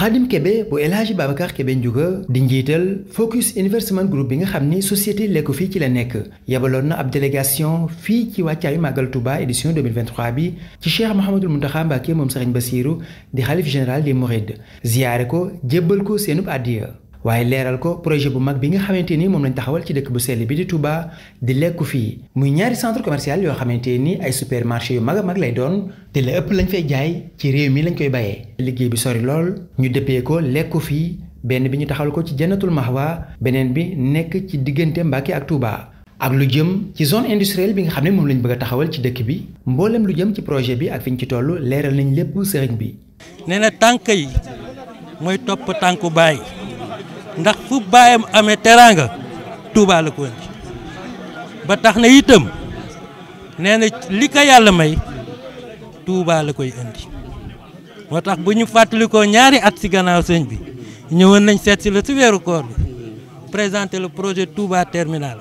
Khadim Kébé bu El Hadji Babacar Kébé Ndiouga di njiital Focus Investment Group bi nga xam ni société Lekku fii ci la nekk yebaloon na ab délégation fii ci wàccaayu Màggal Touba édition 2023 bi ci Cheikh Mouhamadul Mountakha Mbacké moom Serigne Bassirou di xalif général des Mourides ziyaare ko jébbal ko seenub àddiya waaye leeral ko projet bu mag bi nga xamante ni moom lañ taxawal ci dëkk bu sell bi di Touba di lekku fii muy ñaari centre commercial yoo xamante ni ay supermarché yu mag a mag lay doon te la ëpp lañ fay jaay ci réew mi lañ koy bayee. liggéey bi sori lool ñu dëppee ko lekku fii benn bi ñu taxawal ko ci Jannatul Mahwa beneen bi nekk ci diggante Mbàkke ak Touba. ak lu jëm ci zone industrielle bi nga xam ne moom lañu bëgg taxawal ci dëkk bi mboolem lu jëm ci bi ak fi ñu ci toll leeral nañ lépp sëriñ bi. ndax fu baayam amee teraanga Touba la ko indi ba tax na itam nee na li ko yàlla may Touba la koy indi moo tax bu ñu fàttalikoo ñaari at si gannaaw sëñ bi ñëwoon nañ seet la ci weeru koor bi présenter le projet tuubaa terminal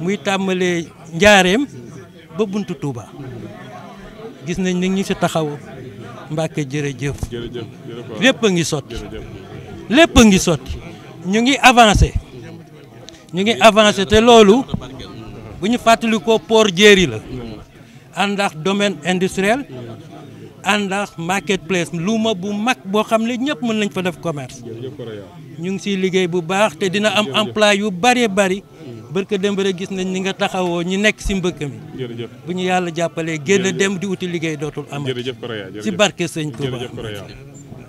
muy tàmbalee njaareem ba buntu Touba gis nañ ni ñu si taxaw Mbàkke jërëjëf lépp a ngi sotti lépp a ngi sotti ñu ngi avancé ñu ngi avancé te loolu bu ñu fàttali ko port jéeri la ànd ak domaine industriel ànd ak market place luuma bu mag boo xam ne ñëpp mën nañ fa def commerce ñu ngi siy liggéey bu baax te dina am emploi yu bëree bari barka dem rek gis nañ ni nga taxawoo ñu nekk si mbëkk mi bu ñu yàlla jàppalee génn dem di uti liggéey dootul am si barke sëñ Tuuba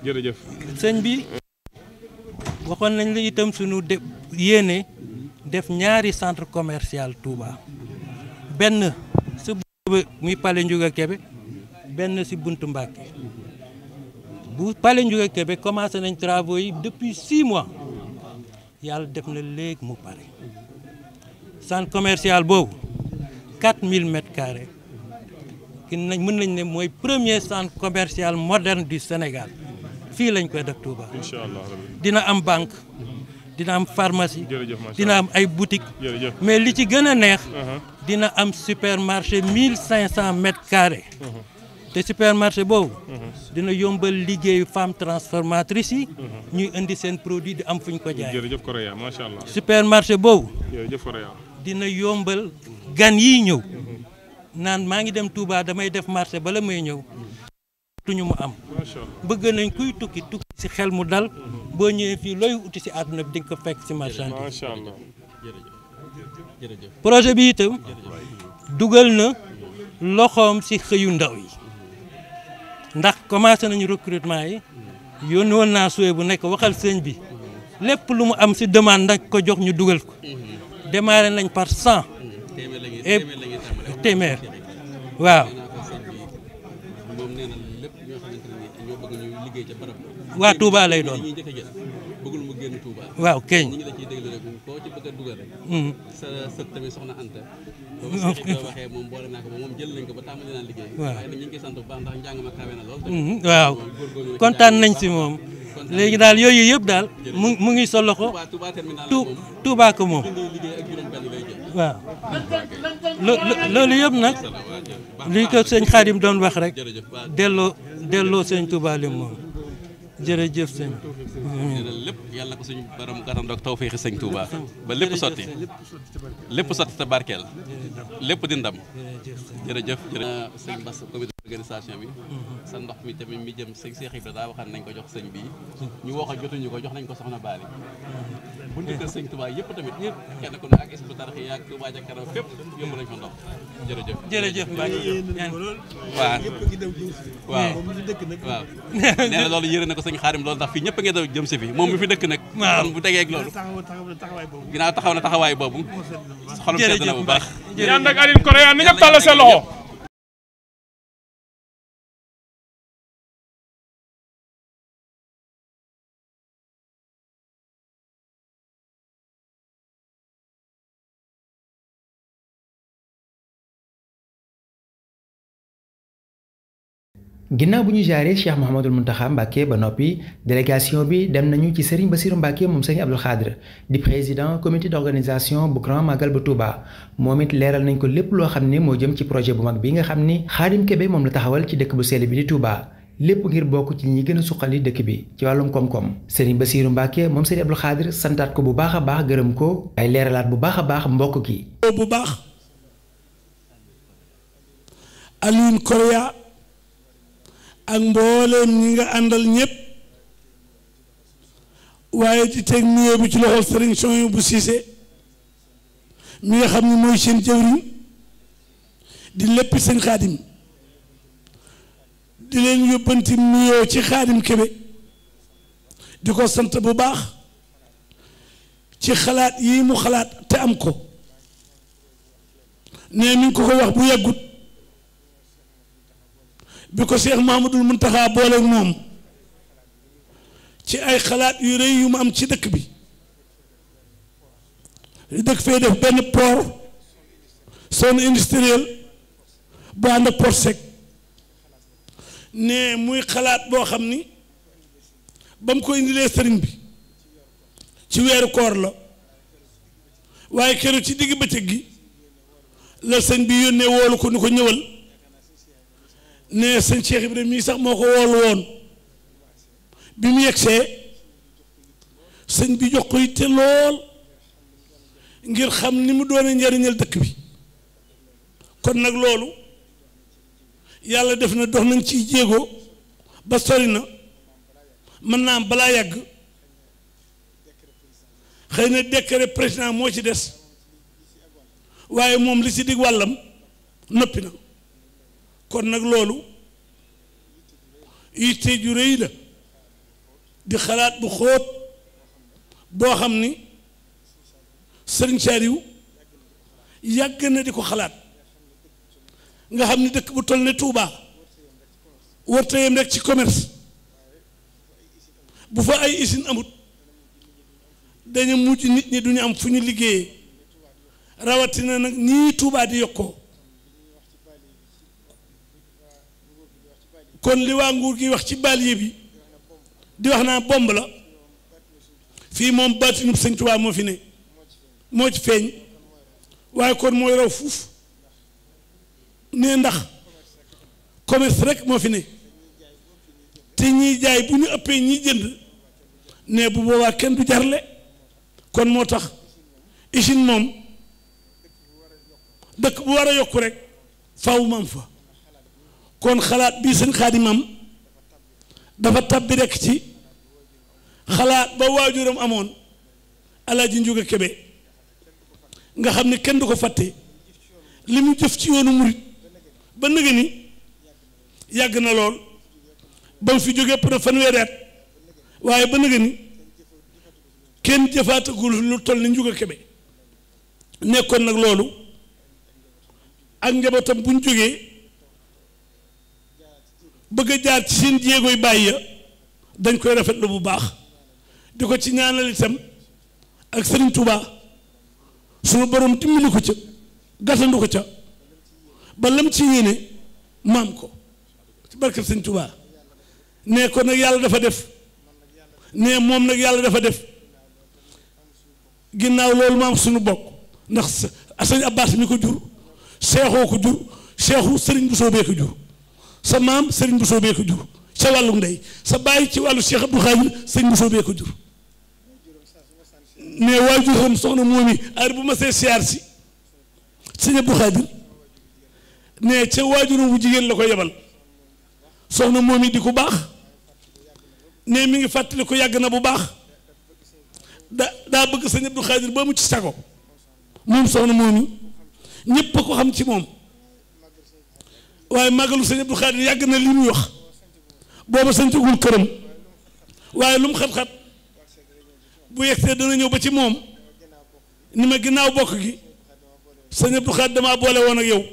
jërëjëf sëñ bi waxoon nañ la itam suñu de yéene def ñaari centre commercial Touba benn si buntu muy Palais Ndiouga benn si buntu Mbacké bu Palais Ndiouga kebe commencé nañ travaux yi depuis six mois yàlla def na léegi mu pare centre commercial boobu 4000 mètres carrés ki nañ mën nañ ne mooy premier centre commercial moderne du Sénégal fii lañ koy def Touba. incha allah dina am banque dina am pharmacie. dina am ay boutique mais li ci gën a neex. Uh-huh. dina am supermarché 1500 mètres carrés. Uh-huh. te supermarché boobu. Uh-huh. dina yombal liggéeyu femme transformatrice yi. ñuy indi seen produit di am fu ñu ko jaay. jërëjëf Correa macha allah. supermarché boobu. jërëjëf Correa. dina yombal gan yi ñëw. naan maa ngi dem Touba damay def marché bala may ñëw. tuñu mu am bëgg nañ kuy tukki tukki ci xel mu dal boo ñëwee fii looy uti ci àdduna bi di nga ko fekk ci marchandise projet bi itam dugal na loxoom ci xëyu ndaw yi ndax commencé nañu recrutement yi yónni woon naa suwe bu nekk waxal sëñ bi lépp lu mu am ci demand nag ko jox ñu dugal ko démarré nañ par cent et téeméer waaw waa Touba lay doon. waaw keñ. Hmm. waaw hmm, kontaan nañ si moom. léegi daal yooyu yëpp daal mu mu ngi sol loxo Touba ko moom waaw loolu yëpp nag li ko sëñ Xaadim doon wax rek delloo delloo sëñ Touba li moom jërëjëf sëñ lépp yàlla ko suñu borom gàttan doog tawféexi sëñ ba lépp sotti lépp sotti te barkeel lépp di vulgarisation bi sa ndox mi tamit mi jëm sëñ Cheikh Ibra daa waxaan nañ ko jox sëñ bii ñu a jotuñu ko jox nañ ko soxna Baali buñ dëkkal sëñ Touba yëpp tamit ñëpp kenn ku ne ak Hizbut Tarqiyyah ak Touba ca kanam fépp yóbbu nañ ko ndox jërëjëf jërëjëf Mbacke waaw waaw waaw nee na loolu yëre na ko sëñ Xaarim loolu tax fii ñëpp a ngi daw jëm si fi moom mi fi dëkk nag bu tegeeg loolu ginnaaw taxaw na taxawaay boobu xolam sedd na bu baax ànd ak Aline Koré yaa na ñëpp tàllal seen loxo ginnaaw bu ñu jaaree Cheikh Mouhamadul Mountakha Mbacké ba noppi délégation bi dem nañu ci Serigne Bassirou Mbacké moom Serigne Abdoul Khadr di président comité d'organisation bu Grand Magal bu Touba moom it leeral nañ ko lépp loo xam ne moo jëm ci projet bu mag bi nga xam ni Khadim Kébé moom la taxawal ci dëkk bu sell bi di Touba lépp ngir bokk ci ñi gën a suqali dëkk bi ci wàllum koom-koom Serigne Bassirou Mbacké moom Serigne Abdoul Khadr santaat ko bu baax a baax gërëm ko ay leeralaat bu baax a baax mbokk gi ak mbooleem ñi nga àndal ñépp waaye di teg nuyoo bi ci loxol sëriñ Sohaybu bu Siise mi nga xam ne mooy seen jëwriñ di lépp seen xaadim di leen yóbbanti nuyoo ci xaadim Kebe di ko sant bu baax ci xalaat yii mu xalaat te am ko nee mi ko ko wax bu yàggut bi ko Cheikh mun Mountakha boole moom ci ay xalaat yu rëy yu mu am ci dëkk bi dëkk fee def benn port zone industrielle bu ànd ak port sec ne muy xalaat boo xam ni ba mu ko indilee sëriñ bi ci weeru koor la waaye keroog ci digg bëccëg gi la sëñ bi yónnee woolu ko nu ko ñëwal nee sëñ Cheikh Ibrahima mii sax moo ko woolu woon bi mu yegsee sëñ bi jox ko yitte lool ngir xam ni mu doone njariñal dëkk bi kon nag loolu yàlla def na dox nañ ci jéego ba sori na mën naa am balaa yàgg xëy na décret président moo ci des waaye moom li ci dig wàllam noppi na kon nag loolu yitte ju rëy la di xalaat bu xóot boo xam ni sëriñ Saaliw yàgg na di ko xalaat nga xam ni dëkk bu toll ne Touba warta rek ci commerce bu fa ay usine amut dañu mujj nit ñi duñu am fu ñu liggéeyee rawatina nag nii tuubaa di yokkoo kon li waa nguur gi wax ci banlieue bi di wax naa bomb la fii moom baatinub sëñ Tuubaa moo fi ne moo ci feeñ waaye kon mooy raw fuuf ne ndax commerce rek moo fi ne te ñiy jaay bu ñu ëppee ñiy jënd ne bu boobaa kenn du jarle kon moo tax usine moom dëkk bu war a yokku rek faaw mam fa kon xalaat bii seen xaadimam dafa tabbi rekk ci xalaat ba waajuram amoon alaaji njuga kebe nga xam ni kenn du ko fàtte li mu jëf ci yoonu murit ba nëgë yàgg na lool ba mu fi jógee pour fanweeri at waaye ba nëgë kenn jëfaatagul lu toll ni njuga kebe nekkoon nag loolu ak njabootam bu ñu bëgg a jaar ci seen jéegoy bàyyi ya dañ koy rafetlu bu baax di ko ci ñaanal itam ak Serigne tubaa sunu borom dimbali ko ca gàttandu ko ca ba lam ci yéene maam ko ci barkeb Serigne ne nee ko nag yàlla dafa def nee moom nag yàlla dafa def ginnaaw loolu maam suñu bokk ndax Sëñ Abbas mi ko jur seexoo ko jur seexu sëriñ bu soobee ko jur. sa maam Serigne Bousso bee ko jur ca wàllu ndey sa bàyyi ci wàllu Cheikh Abdou Khadir Serigne Bousso bee ko jur mais waajuram soxna moom yi aar bu ma see siyaar si Serigne Abdou Khadir ne ca waajuram bu jigéen la ko yebal soxna moom yi di ko baax ne mi ngi fàttali ko yàgg na bu baax da daa bëgg Serigne ba mu ci sago moom soxna moom yi ñëpp a ko xam ci moom. waaye màggalu sëñ Abdou Khadir yàgg na li muy wax booba sañcagul këram waaye lu mu xat-xat bu yegsee dana ñëw ba ci moom ni ma ginnaaw bokk gi sëñ Abdou Khadir damaa boole woon ak yow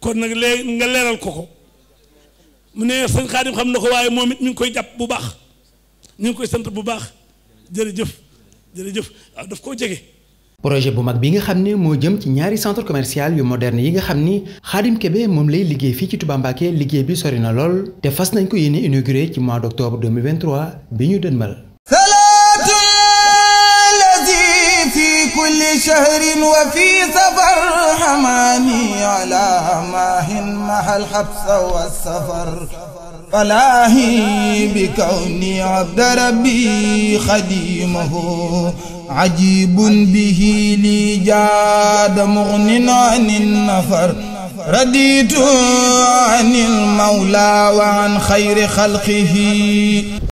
kon nag léegi nga leeral ko ko mu ne sëñ Xaadim xam na ko waaye moom it mi ngi koy jàpp bu baax ñu ngi koy sant bu baax jërëjëf jërëjëf waaw daf koo jege. projet bu mag bi nga xam ne moo jëm ci ñaari centre commercial yu moderne yi nga xam ni Khadim moom lay liggéey fii ci Touba liggéey bi sori na lool te fas nañ ko yéene inauguré ci mois d' octobre 2023 bi ñu dënmal salaatun lazi fi kulli shahrin wa fi safar hamani ala mahin mahal habsa wa safar falaahi bi kawni abda rabbi xadimahu ajibun bihi li jaada mugnin anin nafar raditu anil mawla wa an xayri xalqihi